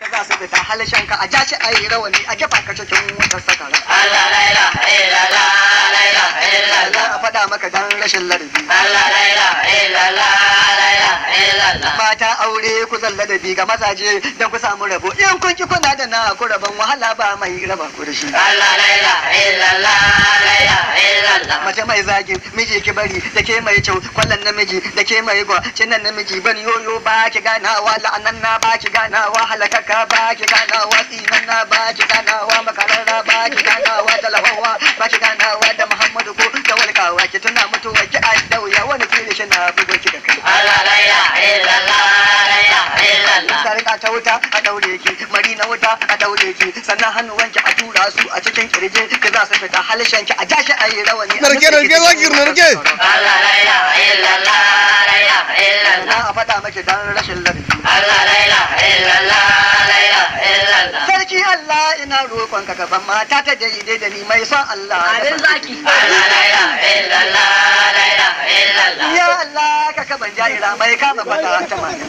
ka za su fita halashen ka a ja shi ayi rawani a jefa ka cikin wutar sakara Allah laila ilala laila ilala a faɗa maka dan rashin ladabi Allah laila ilala laila ilala mata aure ku zalla da ga mazaje don ku samu rabo in kun ki kuna da na ku rabon wahala ba mai raba ku da shi Allah laila ilala laila mai zagi miji ki bari da ke mai kyau kwallon namiji da ke mai gwa cinan namiji ban yoyo ba ki ganawa la'anan na ba ki ganawa halakaka ba ki ganawa tsinan na ba ki ganawa na ba ki ganawa talawawa ba ki ganawa da muhammadu ko da walkawa ki tuna mutuwa ki dauya wani shi na bugo ki da kai ta wuta a daure ki mari na wuta a daure ki sannan hannu su a cikin kirjin ka za su fita halishan ki a jashi a yi rawani narke narke zakir narke a faɗa maki dan rashin ladabi sarki Allah ina roƙon ka gaban mata ta daidai da ni mai son Allah abin zaki ya Allah ka kaban jaira mai ta mani